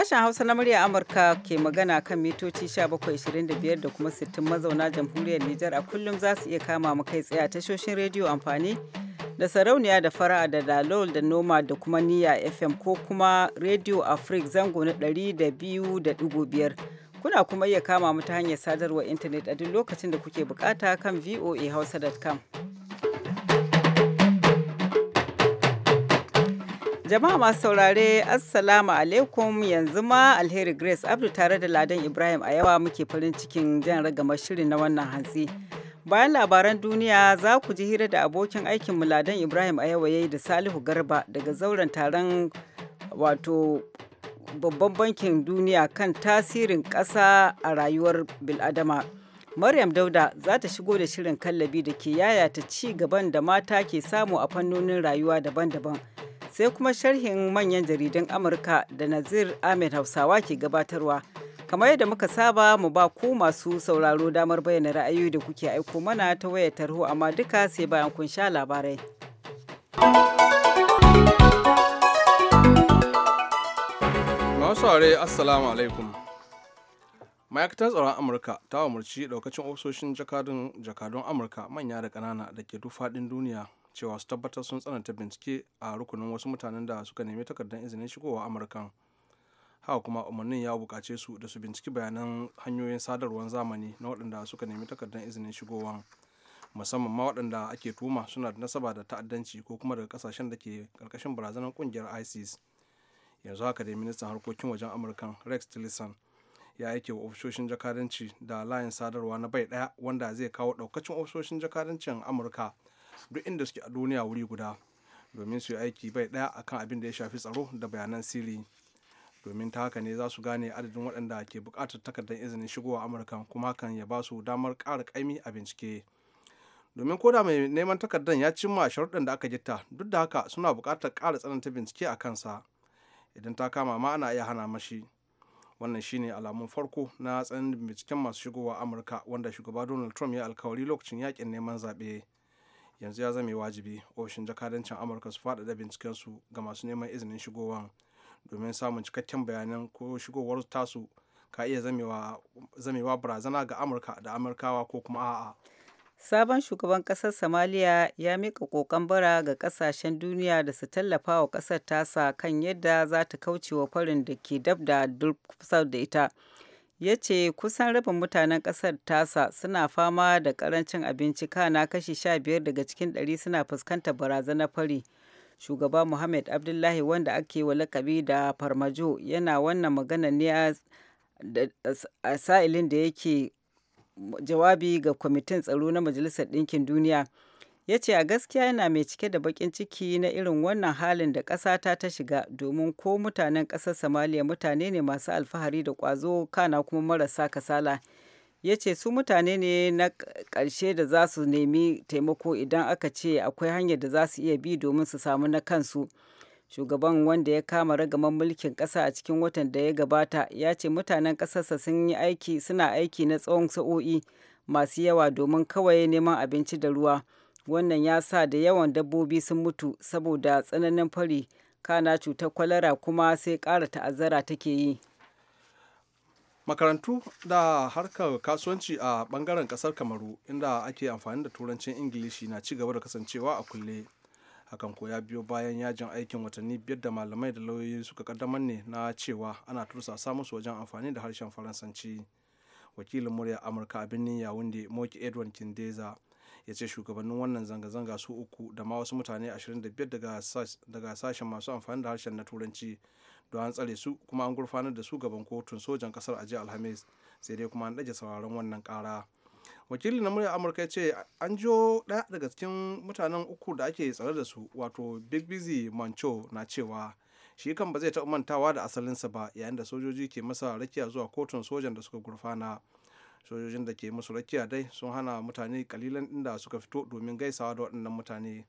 Sashen Hausa na murya Amurka ke magana kan mitoci 1725 da kuma 60 mazauna jamhuriyar Nijar a kullum za su iya kama mu kai tsaye a tashoshin rediyo amfani da sarauniya da fara'a da dalol da noma da kuma niya FM ko kuma Radio afrik zango na 200.5 kuna kuma iya kama mu ta hanyar sadarwar intanet a duk lokacin da kuke bukata kan voahausa.com. Jama'a masu saurare Assalamu alaikum yanzu ma Alheri Grace abdul tare da Ladan Ibrahim a yawa muke farin cikin jan ragama shirin na wannan hantsi. Bayan labaran duniya za ku ji hira da abokin aikin Ladan Ibrahim a yawa yayi da Salihu Garba daga zauren taron wato babban bankin duniya kan tasirin ƙasa a rayuwar biladama. Maryam Dauda za ta shigo da shirin kallabi da ke yayata ci gaban da mata ke samu a fannonin rayuwa daban-daban. sai kuma sharhin manyan jaridan Amurka da Nazir Ahmed Hausawa ke gabatarwa. Kamar yadda muka saba mu ba ku masu sauraro damar bayyana ra'ayoyi da kuke aiko mana ta wayar tarho amma duka sai bayan kun sha labarai. Masu assalamu alaikum. ma'aikatar tsaron amurka ta umarci daukacin ofisoshin jakadun amurka manya da ƙanana da ke duk faɗin duniya cewa su tabbatar sun tsananta bincike a rukunin wasu mutanen da suka nemi takardar izinin shigowa amurkan haka kuma umarnin ya bukace su da su binciki bayanan hanyoyin sadarwar zamani na waɗanda suka nemi takardar izinin shigowa musamman ma waɗanda ake tuma suna da nasaba da ta'addanci ko kuma daga kasashen da ke karkashin barazanar ƙungiyar isis yanzu haka dai ministan harkokin wajen amurkan rex tillerson ya aike wa ofisoshin jakadanci da layin sadarwa na bai ɗaya wanda zai kawo ɗaukacin ofishoshin jakadancin amurka duk inda suke a duniya wuri guda domin su yi aiki bai ɗaya akan abin da ya shafi tsaro da bayanan sirri domin ta haka ne za su gane adadin waɗanda ke buƙatar takardar izinin shigowa amurka kuma hakan ya ba su damar ƙara ƙaimi a bincike domin ko da mai neman takardar ya cimma sharuɗan da aka gitta duk da haka suna buƙatar ƙara tsananta bincike a kansa idan ta kama ma ana iya hana mashi wannan shine alamun farko na tsananin binciken masu shigowa amurka wanda shugaba donald trump ya alkawari lokacin yakin neman zaɓe. yanzu ya zame wajibi ofishin jakadancin amurka su faɗaɗa su ga masu neman izinin shigowa domin samun cikakken bayanan ko shigowar tasu ka iya zamewa barazana ga amurka da amurkawa ko kuma a'a sabon shugaban kasar somaliya ya mika kokon bara ga kasashen duniya da su tallafa wa kasar tasa kan yadda za ta kauce wa farin da ke dab da kusa da ita ya ce kusan rabin mutanen ƙasar tasa suna fama da karancin abinci kana kashi sha biyar daga cikin 100 suna fuskantar barazanar fari shugaba muhammad abdullahi wanda ake wa lakabi da farmajo yana wannan magana ne a sa'ilin da yake jawabi ga kwamitin tsaro na majalisar ɗinkin duniya ya ce a gaskiya yana mai cike da bakin ciki na irin wannan halin da ƙasata ta shiga domin ko mutanen ƙasar somaliya mutane ne masu alfahari da ƙwazo kana kuma marasa kasala ya ce su mutane ne na ƙarshe da za su nemi taimako idan aka ce akwai hanyar da za su iya bi domin su samu na kansu shugaban wanda ya kama ragaman mulkin ƙasa a cikin watan da ya gabata ya ce mutanen ƙasarsa sun yi aiki suna aiki na tsawon sa'o'i masu yawa domin kawai neman abinci da ruwa wannan ya sa da yawan dabbobi sun mutu saboda tsananin fari kana cutar kwalara kuma sai kara ta'azzara take yi makarantu da harkar kasuwanci a bangaren kasar kamaru inda ake amfani da turancin ingilishi na ci gaba da kasancewa a kulle hakan ko ya biyo bayan yajin aikin watanni biyar da malamai da lauyoyi suka kaddamar ne na cewa ana tursasa musu wajen amfani da harshen faransanci wakilin murya amurka a birnin da moki edward kindeza ya ce shugabannin wannan zanga-zanga su uku da ma wasu mutane 25 daga sashen masu amfani da harshen na turanci don an tsare su kuma an gurfanar da su gaban kotun sojan kasar a jiya alhamis sai dai kuma an ɗage sauraron wannan ƙara wakilin na murya amurka ce an jo ɗaya daga cikin mutanen uku da ake tsare da su wato big busy mancho na cewa shi kan ba zai taɓa mantawa da asalinsa ba yayin da sojoji ke masa rakiya zuwa kotun sojan da suka gurfana sojojin da ke musu a dai sun hana mutane kalilan inda suka fito domin gaisawa da waɗannan mutane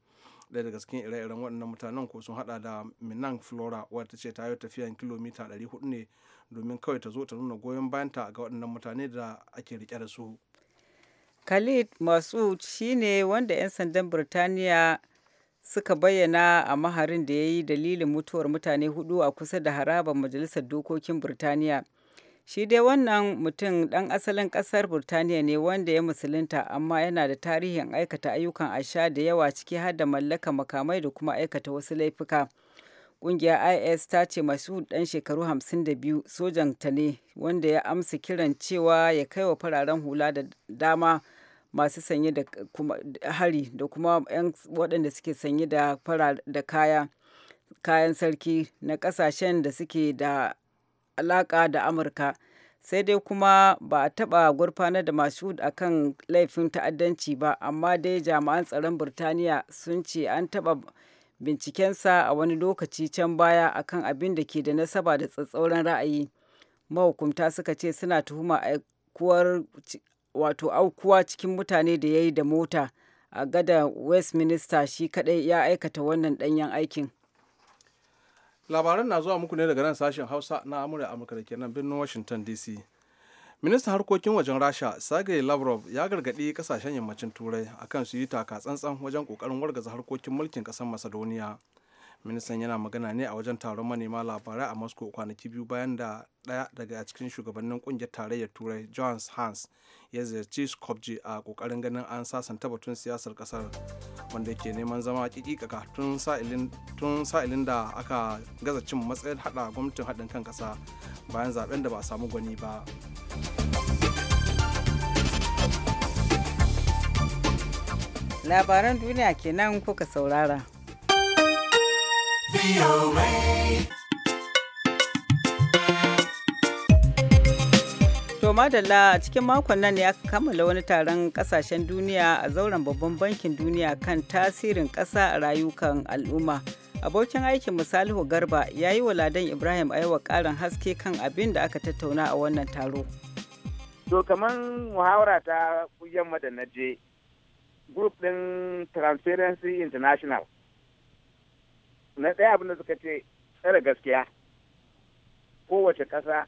ɗaya daga cikin ire-iren waɗannan mutanen ko sun hada da minan flora wata ce ta yi tafiyan kilomita 400 ne domin kawai ta zo ta nuna goyon bayanta ga waɗannan mutane da ake rike da su khalid masud shine wanda 'yan sandan birtaniya suka bayyana a maharin da ya yi dalilin mutuwar mutane hudu a kusa da harabar majalisar dokokin birtaniya Shi dai wannan mutum ɗan asalin ƙasar Burtaniya ne wanda ya musulunta amma yana da tarihin aikata ayyukan asha da yawa ciki har da mallaka makamai da kuma aikata wasu laifuka. Ƙungiyar IS ta ce masu ɗan shekaru 52 sojan ta ne wanda ya amsa kiran cewa ya kai wa fararen hula da dama masu sanye da hari da kuma 'yan waɗanda suke sanye da kaya kayan sarki na ƙasashen da suke da alaƙa da amurka sai dai kuma ba a taɓa gurfanar da masu a kan laifin ta'addanci ba amma dai jami'an tsaron birtaniya sun ce an taɓa bincikensa a wani lokaci can baya akan abin da ke da nasaba da tsatsauran ra'ayi mahukunta suka ce suna tuhuma aikuwar wato aukuwa cikin mutane da ya yi da mota a gada westminster shi kadai ya aikata wannan danyen aikin labaran na zuwa muku ne daga nan sashen hausa na amurya amurka da ke nan birnin washington dc ministan harkokin wajen rasha sergei lavrov ya gargaɗi kasashen yammacin turai akan su yi taka tsantsan wajen ƙoƙarin wargaza harkokin mulkin ƙasar macedonia ministan yana magana ne a wajen taron manema labarai a moscow kwanaki biyu bayan da daya daga cikin shugabannin kungiyar tarayyar turai johns hans ya ziyarci skopje a kokarin ganin an sasanta batun siyasar kasar wanda ke neman zama kikikaka tun sa'ilin da aka gaza cin matsayin hada gwamnatin haɗin kan kasa bayan zaben da ba a samu gwani ba labaran duniya kenan kuka saurara To madalla a cikin makon nan ne aka kammala wani taron kasashen duniya a zauren babban bankin duniya kan tasirin ƙasa a rayukan al'umma. Abokin aikin Salihu Garba ya yi wa Ladan Ibrahim Aiwa ƙarin haske kan abin da aka tattauna a wannan taro. To kamar muhawara ta yamma da na je, Group ɗin Transparency International. na ɗaya abin da suka ce tsare gaskiya kowace ƙasa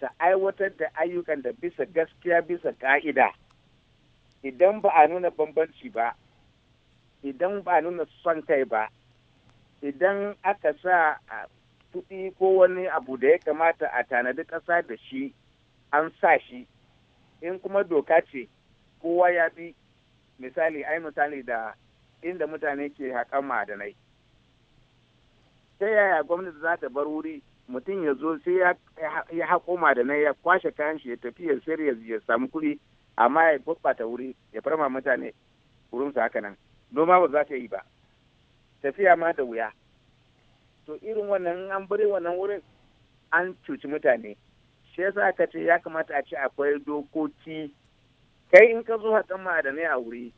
ta aiwatar da ayyukan da bisa gaskiya bisa ka'ida idan ba a nuna bambanci ba idan ba a nuna son kai ba idan aka sa kuɗi ko wani abu da ya kamata a tanadi ƙasa da shi an sa shi in kuma doka ce kowa ya bi misali ai misali da inda mutane ke haƙan ma'adanai ta yaya gwamnati za ta bar wuri mutum ya zo sai ya ma da na ya kwashe kayan shi ya tafi ya sayar ya samu kuɗi amma ya gurɓata wuri ya farma mutane wurin su haka nan noma ba za ta yi ba tafiya ma da wuya to irin wannan an bari wannan wurin an cuci mutane shi yasa aka ce ya kamata a ce akwai dokoki kai in ka zo haƙan ma'adanai a wuri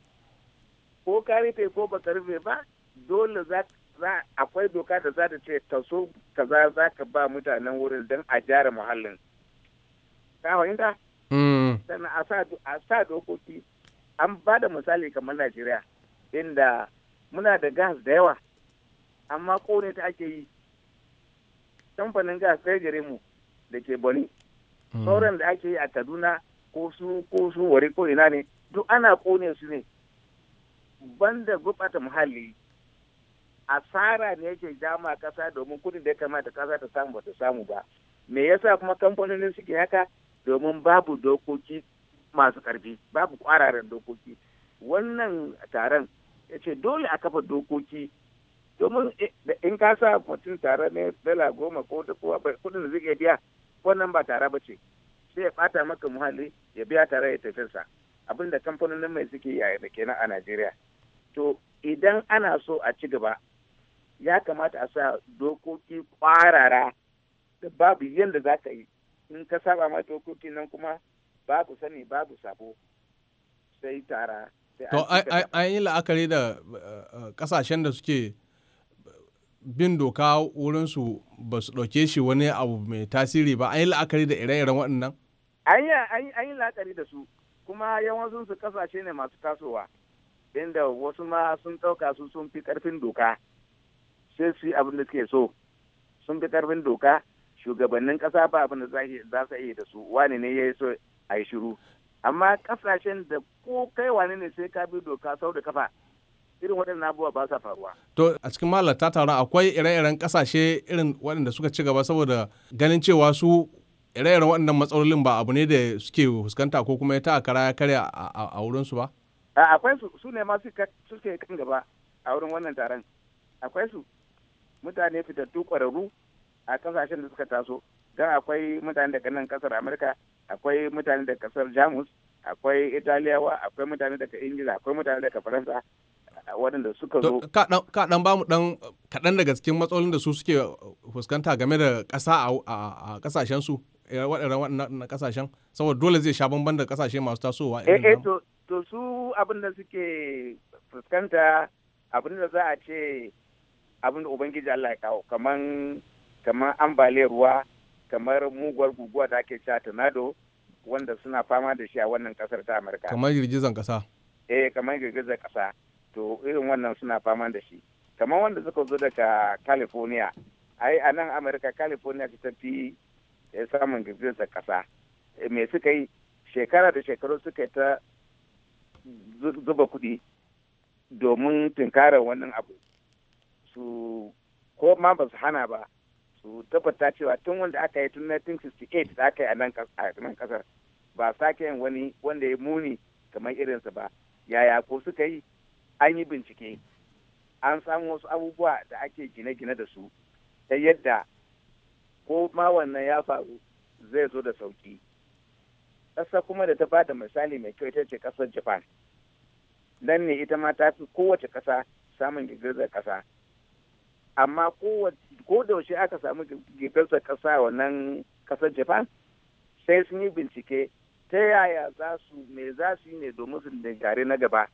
ko ka rufe ko ba ka rufe ba dole za akwai doka da za ta ce taso kaza za ka ba mutanen wurin don a gyara muhallin ka fahimta mm. sannan a sa dokoki an ba da misali kamar najeriya inda muna da gas da yawa amma kone ta ake yi kamfanin gas sai gare mu da ke boni mm. sauran da ake yi a kaduna ko su ko su wari ko ina ne duk ana kone su ne banda gubata muhalli asara ne yake jama kasa domin kudin da ya kamata kasa ta samu ba ta samu ba me yasa kuma kamfanonin suke haka domin babu dokoki masu karfi babu kwararen dokoki wannan taron ya ce dole a kafa dokoki domin in ka sa mutum tare ne dala goma ko da kowa kudin da zai biya wannan ba tare ba ce sai ya bata maka muhalli ya biya tare ya tafiyarsa abin da kamfanonin mai suke yi da kenan a najeriya to idan ana so a ci gaba ya kamata a sa dokoki kwarara da babu yadda za ka yi in ka saba ma dokoki nan kuma babu sani babu sabo sai tara to an yi la'akari da eh, eh, kasashen da suke bin doka wurinsu ba su ɗauke shi wani abu mai tasiri ba an yi la'akari da ire-iren waɗannan an yi la'akari da su kuma yawancinsu kasashe ne masu tasowa inda wasu ma sun ɗauka su sun fi ƙarfin doka sai su yi abin da suke so sun fi karfin doka shugabannin ƙasa ba abin da za su iya da su wani ne ya yi so a yi shiru amma ƙasashen da ko kai wani ne sai ka bi doka sau da kafa irin waɗannan abubuwa ba sa faruwa. To a cikin ta taron akwai ire-iren ƙasashe irin waɗanda suka ci gaba saboda ganin cewa su ire-iren waɗannan matsalolin ba abu ne da suke fuskanta ko kuma ya ta kara ya karya a wurinsu ba? Akwai su ne ma suke kan gaba a wurin wannan taron. Akwai su mutane fitattu ƙwararru a ƙasashen da suka taso don akwai mutane daga nan ƙasar amurka akwai mutane daga ƙasar jamus akwai italiyawa akwai mutane daga ingila akwai mutane daga faransa waɗanda suka zo ka dan bamu dan kaɗan daga cikin matsalolin da su suke uh, fuskanta game da ƙasa a ƙasashen su eh, waɗannan waɗannan ƙasashen saboda dole zai sha bamban da ƙasashe masu tasowa eh, eh to su abin da suke fuskanta abin da za a ce abin da ubangiji Allah ya kawo kamar kamar ambaliyar ruwa kamar muguwar guguwa da ake cewa tornado wanda suna fama da shi a wannan kasar ta Amurka kamar girgizan kasa eh kamar girgizan kasa to irin wannan suna fama da shi kamar wanda suka zo daga California ai a nan Amurka California ta fi eh, samun girgizan kasa eh, me suka yi shekara da shekaru suka ta zuba kuɗi domin tunkarar wannan abu su ko ma ba su hana ba su tabbata cewa tun wanda aka yi tun 1968 da aka yi a nan kasar ba sake yin wani wanda ya muni kamar irinsa ba yaya ko suka yi an yi bincike an samu wasu abubuwa da ake gine-gine da su ta yadda ko ma wannan ya faru zai zo da sauki ƙasa kuma da ta bada misali mai kyau ita ce ƙasar japan nan ne ita ma ta fi kowace ƙasa samun girgizar ƙasa amma ko da yaushe aka samu gefensa kasa wannan kasar japan sai sun yi bincike ta yaya za su me za su yi ne domin su dangare na gaba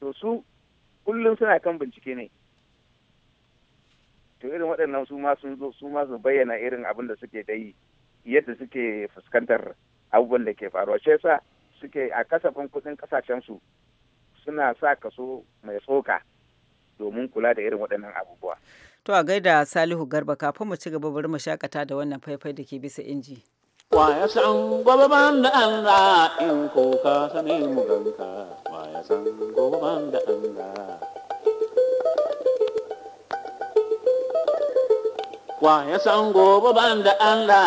to su kullum suna kan bincike ne to irin waɗannan su ma sun zo su ma bayyana irin abin da suke da yi yadda suke fuskantar abubuwan da ke faruwa shi yasa suke a kasafin kuɗin ƙasashensu suna sa kaso mai tsoka domin kula da irin waɗannan abubuwa. To a gaida Salihu Garba kafin mu ci gaba bari mu shakata da wannan faifai da ke bisa inji. Wa ya san gobe ban da an in ko ka sani mu ganka wa ya san ban da an Wa ya san ban da an a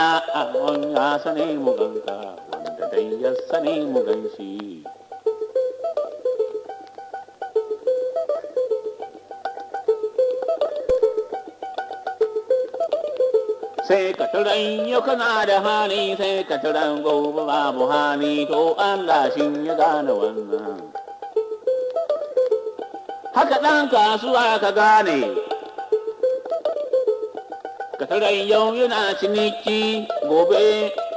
ya sani mu ganka wanda dai ya sani mu ganshi. sai ka turan yau kana da hani, sai ka turan gobe babu hani to Allah shi ya gane wannan haka ɗan kasuwa ka gane ka turan yau yana ciniki gobe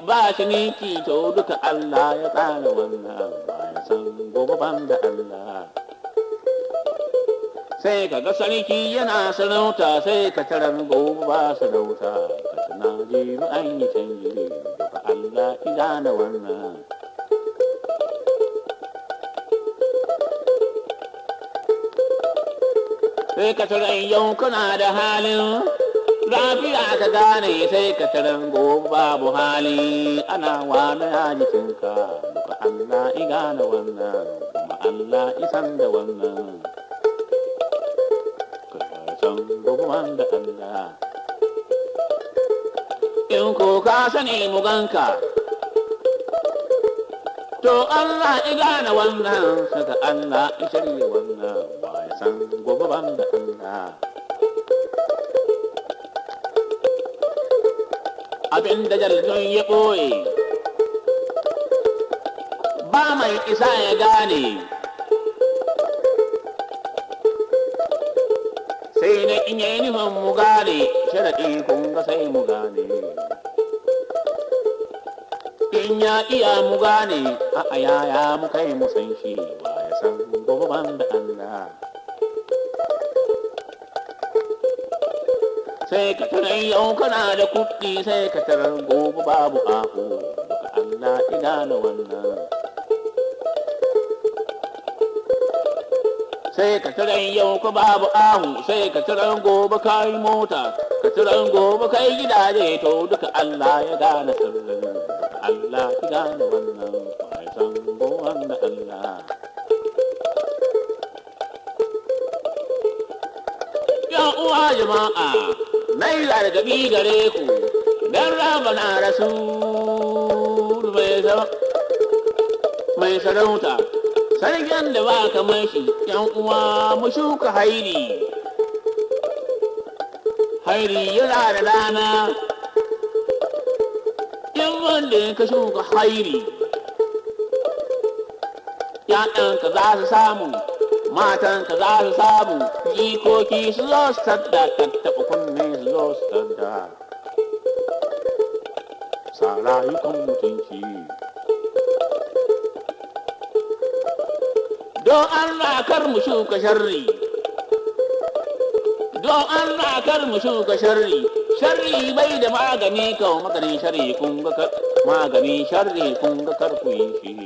ba ciniki to duka Allah ya tsara wannan ba ya san gobe ban da Allah sai ka ga sarki yana sarauta sai ka tarar gobe ba sarauta jiru an yi can gire ba Allah idana wannan. Sai ka turai yau kuna da halin lafiya ka gane sai ka tarin gobe babu hali ana wa na wani hajjicinka ba Allah igana wannan kuma Allah isan da wannan. Ka san gobe da Allah. in ko ka sani muganka to Allah ya gane wannan saka Allah ya wannan ba san gobe ban da Allah abin da jaldun ya ɓoye ba mai isa ya gane sai na inye nufin mu gane sharaɗi kun ga sai mu gane in ya iya mu gane a ayaya mu kai mu san shi ba ya san gobe ban da Allah sai ka tarar yau kana da kuɗi sai ka tarar gobe babu ahu Ka Allah ina da wannan sai ka tarar yau ka babu ahu sai ka tarar gobe kayi mota suturan goma kai gidaje to duka Allah ya gane sirrin Allah ya gane wannan kwaisan gowan da Allah Yan uwa jama'a mai bi gare ku dan na rasu mai sarauta sarkin da ba kamar shi yan uwa mu shuka haini hairi yana da rana in wanda ya ka shuka hairi ‘ya'yanka za su samu matanka za su samu jikoki su zo su tadda tattaɓa kunne su zo su tadda sa rayukan mutunci don Allah kar mu shuka sharri don an kar mu shuka sharri sharri bai da magani kawo maganin sharri kun ga magani sharri kun ga kar ku yi shi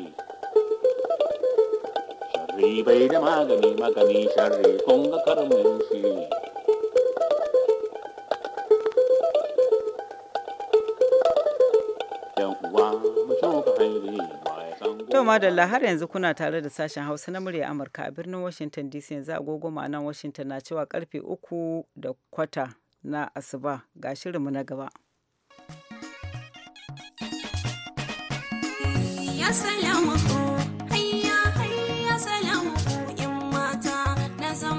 sharri bai da magani magani sharri kun ga kar mu yi shi yau madalla har yanzu kuna tare da sashen Hausa na murya Amurka a birnin Washington DC yanzu agogo ma'anan Washington na cewa karfe uku da kwata na asuba ga shirinmu na gaba.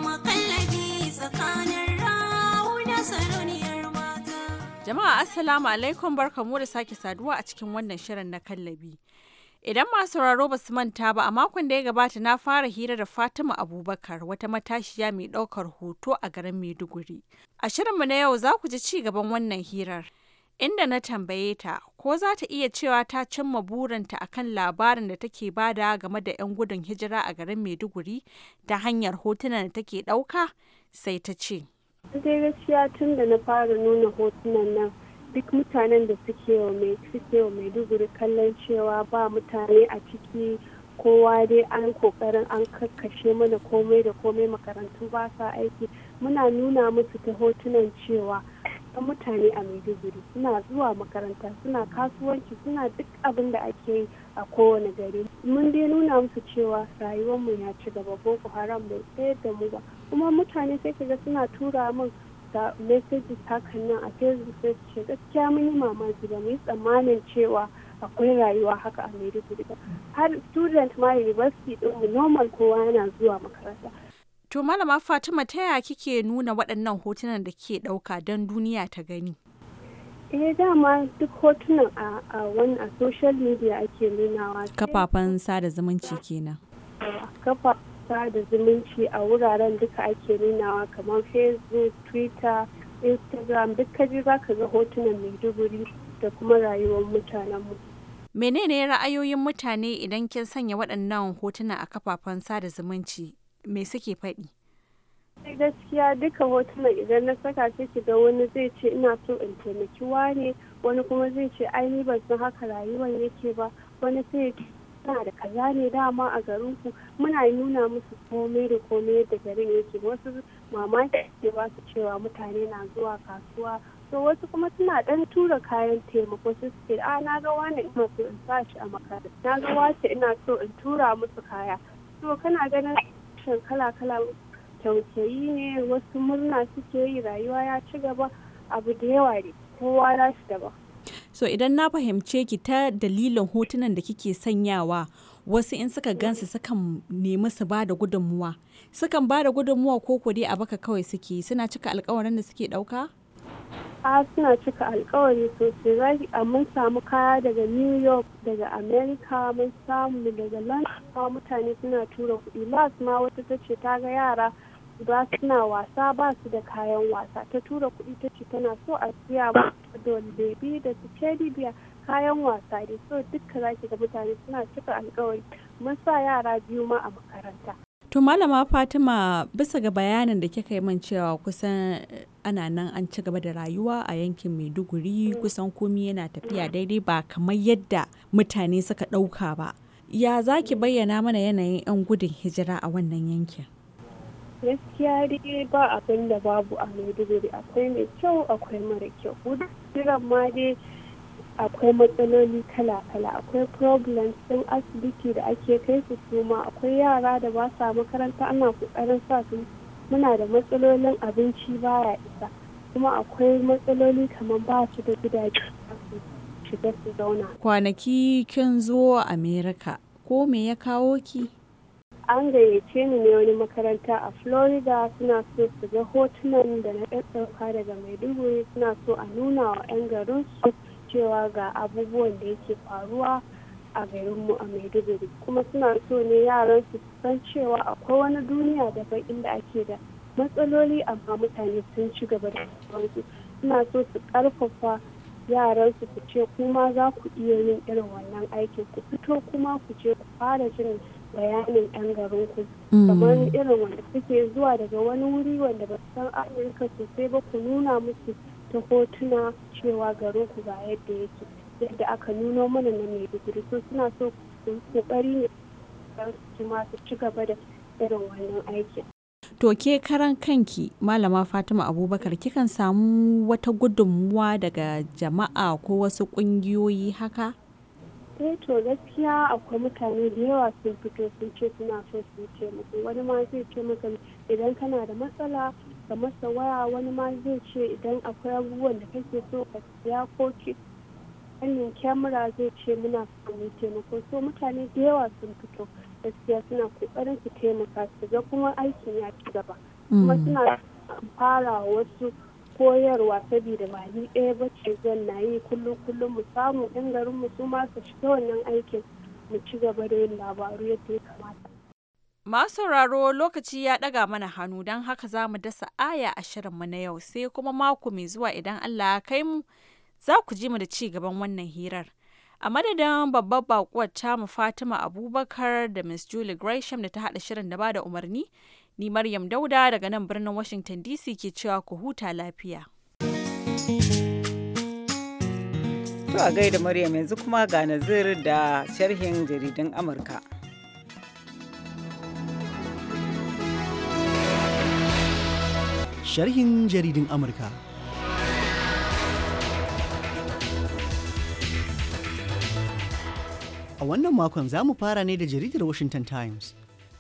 mata. Jama'a Assalamu alaikum barkamu da sake saduwa a cikin wannan shirin na kallabi. Idan masu sauraro ba su manta ba a makon da ya gabata na fara hira da Fatima Abubakar wata matashiya mai ɗaukar hoto a garin Maiduguri. A shirinmu na yau za ku ji ci gaban wannan hirar. Inda na tambaye ta ko za ta iya cewa ta cimma burinta akan labarin da take bada game da 'yan gudun hijira a garin Maiduguri ta hanyar hotunan da take ɗauka sai ta ce. Sai gaskiya tun da na fara nuna hotunan nan duk mutanen da suke wa maiduguri kallon cewa ba mutane a ciki kowa dai an kokarin an kakkashe mana komai da komai makarantu ba sa aiki muna nuna musu ta hotunan cewa mutane a maiduguri suna zuwa makaranta suna kasuwanci suna duk abin da ake yi a kowane gari mun dai nuna musu cewa rayuwarmu ya ci gaba boko haram bai tsayar da mu ba kuma mutane sai kaga suna tura min message hakan nan a facebook sai ce gaskiya mun yi mamaki ba mu yi tsammanin cewa akwai rayuwa haka a maiduguri har student ma university din normal kowa yana zuwa makaranta to malama fatima ta ya kike nuna waɗannan hotunan da ke ɗauka don duniya ta gani eh dama duk hotunan a a wani a social media ake nunawa kafafen sada zumunci kenan kafafen sada zumunci a wuraren duka ake nunawa kamar facebook twitter instagram duk ka za ka ga hotunan mai maiduguri da kuma rayuwar mutanenmu menene ra'ayoyin mutane idan kin sanya waɗannan hotuna a kafafen sada zumunci me suke faɗi gaskiya duka hotunan idan na saka sai ki ga wani zai ce ina so in taimaki wani wani kuma zai ce ai ni ban san haka rayuwar yake ba wani sai tana da kaza ne dama a garin ku muna nuna musu komai da komai yadda garin yake wasu mamaki ne ba su cewa mutane na zuwa kasuwa so wasu kuma suna dan tura kayan taimako su suke a ah, na ga wani ina so in sa shi a makaranta na ga wace ina so in tura musu kaya so kana ganin shan kala kala Kyaukyayi ne wasu murna suke yi rayuwa ya ci gaba abu da yawa ne kowa shi daban so idan na fahimce ki ta dalilin hotunan da kike sanyawa wasu in suka gansu sukan nemi su ba da gudunmuwa sukan ba da gudunmuwa ko ko dai a baka kawai suke suna cika alkawarin da suke dauka a suna cika alkawari sosai a mun samu kaya daga new york daga america mun samu daga london mutane suna tura kuɗi las ma wata ta ce ta ga yara ba suna wasa ba su da kayan wasa ta tura kuɗi ta ce tana so a siya ba da bebi da su biya kayan wasa ne so dukka zaki ga mutane suna cika alkawari masa yara biyu ma a makaranta To Malama Fatima bisa ga bayanin da kika yi man cewa kusan ana nan an ci gaba da rayuwa a yankin Maiduguri kusan komi yana tafiya daidai ba kamar yadda mutane suka ɗauka ba. Ya zaki ki bayyana mana yanayin 'yan gudun hijira a wannan yankin? gaskiya dai ba abin da babu a maiduguri akwai mai kyau akwai mara kyau wurin ma dai akwai matsaloli kala-kala akwai problems ɗin asibiti da ake kai su suma akwai yara da ba sa makaranta ana kokarin sa su muna da matsalolin abinci baya isa kuma akwai matsaloli kamar ba su da gidaje shiga su zauna kwanaki kin zo america ko me ya kawo ki an gayyace ni ne wani makaranta a florida suna so su ga hotunan da na ɗauka daga maiduguri suna so a nuna wa 'yan garin su cewa ga abubuwan da yake faruwa a garinmu a maiduguri kuma suna so ne yaran su san cewa akwai wani duniya daban inda ake da matsaloli amma mutane sun ci gaba da su suna so su karfafa yaran su ku ce kuma za ku iya yin irin wannan aikin ku fito kuma ku je ku fara jiran bayanin yan garin ku mm. kamar irin wanda suke zuwa daga wani wuri wanda ba su san amurka sosai ba ku nuna musu ta hotuna cewa garin ku ga yadda yake yadda aka nuna mana na mai dubu so suna so su kokari ne su ma su ci gaba da irin wannan aikin To ke karan kanki Malama Fatima Abubakar kikan samu wata gudunmuwa daga jama'a ko wasu ƙungiyoyi haka? eh to gaskiya akwai mutane da yawa sun fito sun ce suna so su taimako wani ma zai ce maka idan kana da matsala ka masa waya wani ma zai ce idan akwai abubuwan da kake so ka siya ko ki wannan kyamara zai ce muna samun taimako so mutane da yawa sun fito gaskiya suna kokarin su taimaka su ga kuma aikin ya ci gaba kuma mm. suna fara wasu koyarwa saboda ba ni ɗaya ba ce zan na yi kullum kullum mu samu ɗan garin mu su ma su shiga wannan aikin mu ci gaba da yin labaru yadda ya kamata. Masu sauraro lokaci ya ɗaga mana hannu don haka za mu dasa aya a shirin mu na yau sai kuma mako mai zuwa idan Allah ya kai mu za ku ji mu da ci gaban wannan hirar. A madadin babbar bakuwar tamu Fatima Abubakar da Miss Julie Gresham da ta haɗa shirin da ba da umarni, Ni Maryam Dauda daga nan birnin Washington DC ke cewa ku huta lafiya. To a gaida Maryam yanzu kuma ga nazir da sharhin jaridun Amurka. Sharhin jaridun Amurka. A wannan makon za mu fara ne da jaridar Washington Times.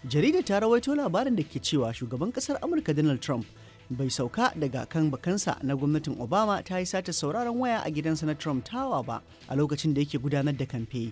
jaridar ta rawaito labarin da ke cewa shugaban kasar amurka donald trump bai sauka daga kan bakansa na gwamnatin obama ta yi sata sauraron waya a gidansa na trump tawa ba a lokacin da yake gudanar da kamfe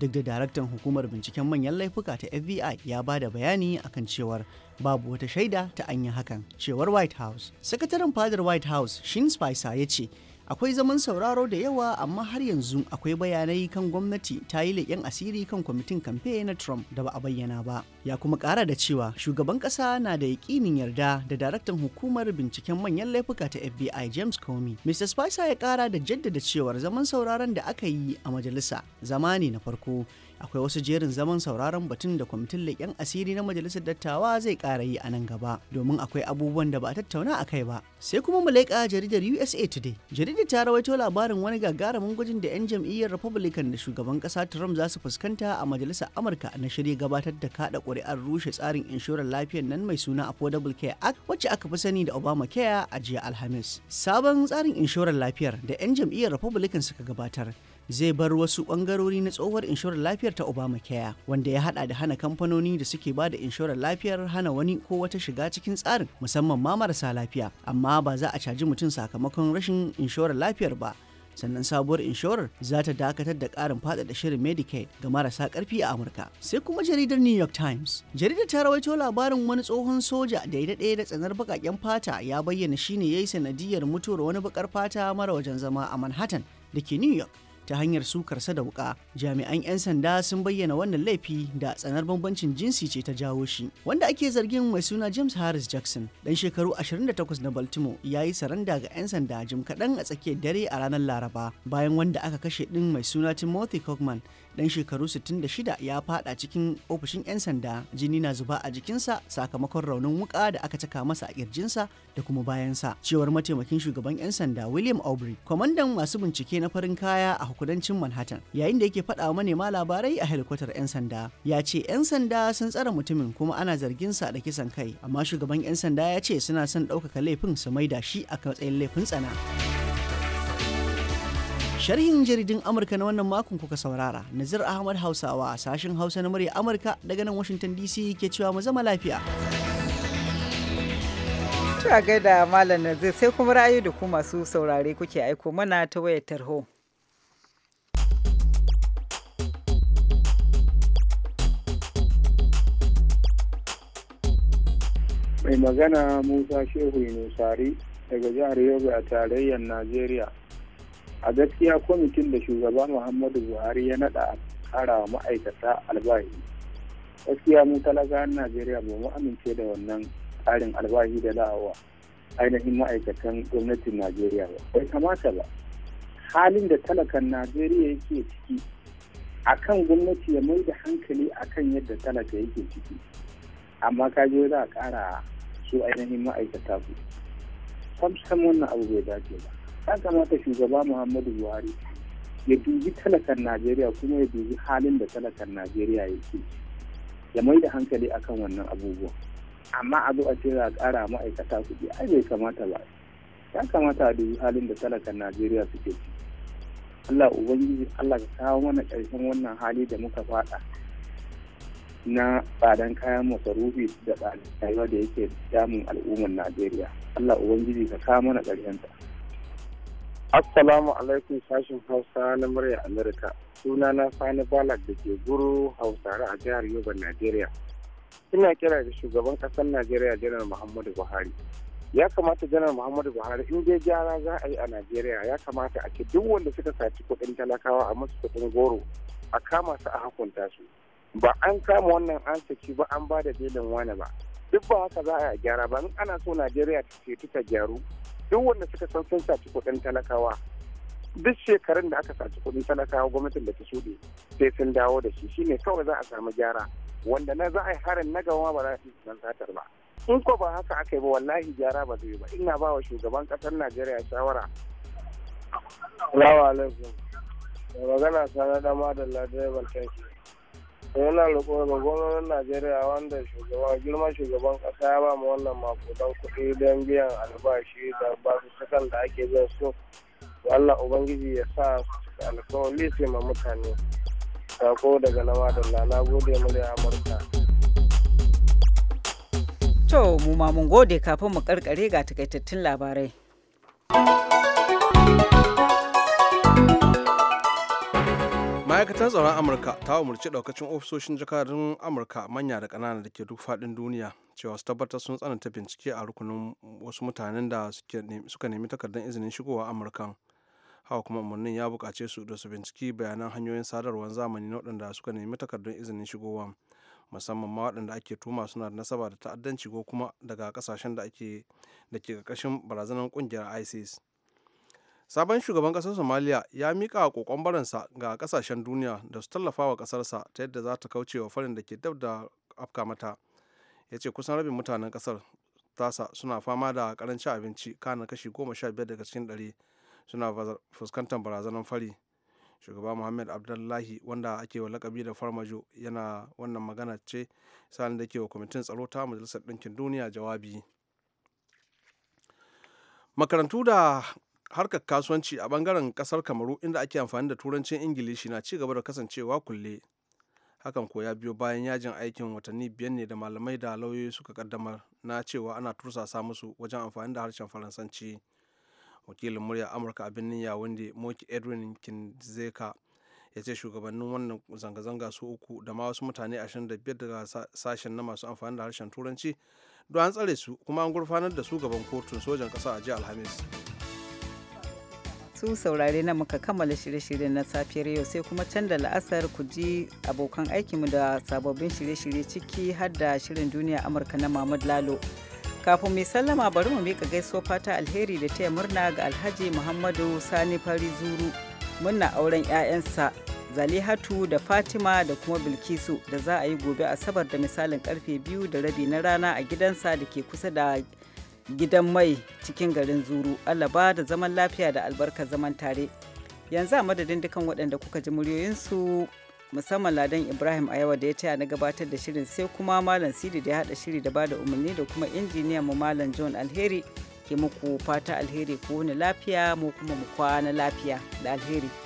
duk da daraktan hukumar binciken manyan laifuka ta fbi ya ba da bayani akan cewar babu wata shaida ta anyi hakan cewar white house sakataren fadar white house shin spicer ya ce akwai zaman sauraro da yawa amma har yanzu akwai bayanai kan gwamnati ta yi leƙen asiri kan kwamitin kamfe na trump da ba a bayyana ba ya kuma ƙara da cewa shugaban ƙasa na da yaƙinin yarda da daraktan hukumar binciken manyan laifuka ta fbi james comey mr spicer ya ƙara da jaddada cewar zaman sauraron da aka yi a majalisa zama ne na farko akwai wasu jerin zaman sauraron batun da kwamitin leƙen asiri na majalisar dattawa zai ƙara yi a nan gaba domin akwai abubuwan da ba a tattauna a kai ba sai kuma mu leƙa jaridar usa today jaridar ta rawaito labarin wani gagarumin gwajin da 'yan jam'iyyar republican da shugaban ƙasa trump za su fuskanta a majalisar amurka na shirya gabatar da kaɗa ƙuri'ar rushe tsarin inshorar lafiyar nan mai suna affordable care act wacce aka fi sani da obama care a jiya alhamis sabon tsarin inshorar lafiyar da 'yan jam'iyyar republican suka gabatar zai bar wasu ɓangarori na tsohuwar inshorar lafiyar ta obamacare wanda ya hada da hana kamfanoni da suke ba da inshorar lafiyar hana wani ko wata shiga cikin tsarin musamman ma marasa lafiya amma ba za a caji mutum sakamakon rashin inshorar lafiyar ba sannan sabuwar inshorar za ta dakatar da karin faɗaɗa shirin medicaid ga marasa karfi a amurka sai kuma jaridar new york times jaridar ta rawaito labarin wani tsohon soja da ya daɗe da tsanar baƙaƙen fata ya bayyana shine ya yi sanadiyar mutuwar wani baƙar fata mara wajen zama a manhattan da ke new york ta hanyar sukarsa da wuka jami'an 'yan sanda sun bayyana wannan laifi da tsanar bambancin jinsi ce ta jawo shi wanda ake zargin mai suna james harris jackson dan shekaru 28 na baltimore ya yi saranda ga 'yan sanda jim kaɗan a tsakiyar dare a ranar laraba bayan wanda aka kashe ɗin mai suna timothy cockman dan shekaru 66 ya faɗa cikin ofishin 'yan sanda jini na zuba a jikinsa sakamakon raunin wuka da aka caka masa a kirjinsa da kuma bayansa cewar mataimakin shugaban 'yan sanda william aubrey kwamandan masu bincike na farin kaya a kudancin Manhattan yayin da yake faɗa wa manema labarai a helikwatar 'yan sanda. Ya ce 'yan sanda sun tsara mutumin kuma ana zargin sa da kisan kai amma shugaban 'yan sanda ya ce suna son ɗaukaka laifin su maida shi a matsayin laifin tsana. Sharhin jaridin Amurka na wannan makon kuka saurara, Nazir Ahmad Hausawa sashen Hausa na murya Amurka daga nan Washington DC ke cewa mu zama lafiya. Tura gaida Malam Nazir sai kuma rayu da ku masu saurare kuke aiko mana ta wayar tarho. mai magana musa shehu nusari daga jihar yobe a tarayyar najeriya a gaskiya kwamitin da shugaba muhammadu buhari ya nada a kara ma'aikata albahi gaskiya mu talakawan najeriya ba mu amince da wannan tsarin albahi da la'awa ainihin ma'aikatan gwamnatin najeriya ba bai kamata ba halin da talakan najeriya yake ciki a kan gwamnati ya mai da hankali akan yadda talaka yake ciki amma kaje za a kara su ainihin ma'aikata ku sam wannan abu bai dace ba ya kamata shugaba muhammadu buhari ya dubi talakan najeriya kuma ya dubi halin da talakan najeriya yake ya mai da hankali akan wannan abubuwa amma a zo a ce za a ƙara ma'aikata kuɗi ai bai kamata ba ya kamata a dubi halin da talakan najeriya suke ci. allah ubangiji allah ka kawo mana ƙarshen wannan hali da muka faɗa na tsadan kayan masarufi da tsadan da yake damun al'ummar Najeriya. Allah Ubangiji ka kawo mana ƙarshensa. Assalamu alaikum sashen Hausa na murya Amurka. Suna na Sani Balak da ke guru Hausa a jihar Yobe, Najeriya. Ina kira da shugaban ƙasar Najeriya Janar Muhammadu Buhari. Ya kamata Janar Muhammadu Buhari in dai gyara za a yi a Najeriya ya kamata a ce duk wanda suka saci kuɗin talakawa a masu kuɗin goro a kama su a hukunta su. ba an samu wannan an saki ba an ba da jelin wani ba duk ba haka za a gyara ba in ana so najeriya ta ce ta gyaru duk wanda suka san sun saci kuɗin talakawa duk shekarun da aka saci kuɗin talakawa gwamnatin da ta shuɗe sai sun dawo da shi shine kawai za a samu gyara wanda na za a yi harin na gama ba za su nan satar ba in ko ba haka aka yi ba wallahi gyara ba zai ba ina ba wa shugaban ƙasar najeriya shawara Salamu alaikum. Da magana sana da madalla direban taki. yana roƙo ga gwamnatin najeriya wanda shugaban girman shugaban ƙasa ya ba mu wannan makudan kuɗi don biyan albashi da sakan da ake zai su allah ubangiji ya sa su alkawali sai ma mutane sako daga nama da na gode murya amurka to mu ma gode kafin mu karkare ga takaitattun labarai ma'aikatar tsaron amurka ta umarci daukacin ofisoshin jakadun amurka manya da kanana da ke duk faɗin duniya cewa su tabbatar sun tsananta bincike a rukunin wasu mutanen da suka nemi takardar izinin shigowa amurkan hawa kuma umarnin ya buƙace su da su binciki bayanan hanyoyin sadarwar zamani na waɗanda suka nemi takardun izinin shigowa musamman ma waɗanda ake tuma suna da nasaba da ta'addanci ko kuma daga ƙasashen da ke ƙarƙashin barazanar ƙungiyar isis sabon shugaban kasar somaliya ya mika kokon baransa ga kasashen duniya da su tallafa wa kasarsa ta yadda za ta kauce wa farin da ke dab da afka mata ya ce kusan rabin mutanen kasar tasa suna fama da karancin abinci kana kashi goma sha biyar daga cikin ɗari suna fuskantar barazanar fari shugaba muhammad abdullahi wanda ake wa lakabi da farmajo yana wannan magana ce sa'an da ke wa kwamitin tsaro ta majalisar ɗinkin duniya jawabi makarantu da harkar kasuwanci a bangaren kasar kamaru inda ake amfani da turancin ingilishi na cigaba da kasancewa kulle hakan ko ya biyo bayan yajin aikin watanni biyar ne da malamai da lauyoyi suka kaddamar na cewa ana tursasa musu wajen amfani da harshen faransanci wakilin murya amurka a birnin wande moki edwin kinzeka ya ce shugabannin wannan zanga-zanga su uku da ma wasu mutane 25 daga sashen na masu amfani da harshen turanci don an tsare su kuma an gurfanar da su gaban kotun sojan ƙasa a jiya alhamis masu saurare na muka kammala shirye-shiryen na safiyar yau sai kuma can da la'asar ku ji abokan aikinmu da sababbin shirye-shirye ciki har da shirin duniya Amurka na Mahmud Lalo. Kafin mai sallama bari mu mika gaisuwa fata alheri da taya murna ga Alhaji Muhammadu Sani Fari Zuru muna auren 'ya'yansa Zalihatu da Fatima da kuma Bilkisu da za a yi gobe Asabar da misalin karfe biyu da rabi na rana a gidansa da ke kusa da gidan mai cikin garin zuru Allah, ba da zaman lafiya da albarkar zaman tare yanzu a madadin dukan waɗanda kuka ji muryoyinsu musamman ladan ibrahim a yawa da ya taya na gabatar da shirin sai kuma malam sidi da ya haɗa shiri da ba da umarni da kuma injiniyan mu malam john alheri ke muku fata alheri ko wani lafiya mu kuma mu kwana lafiya da alheri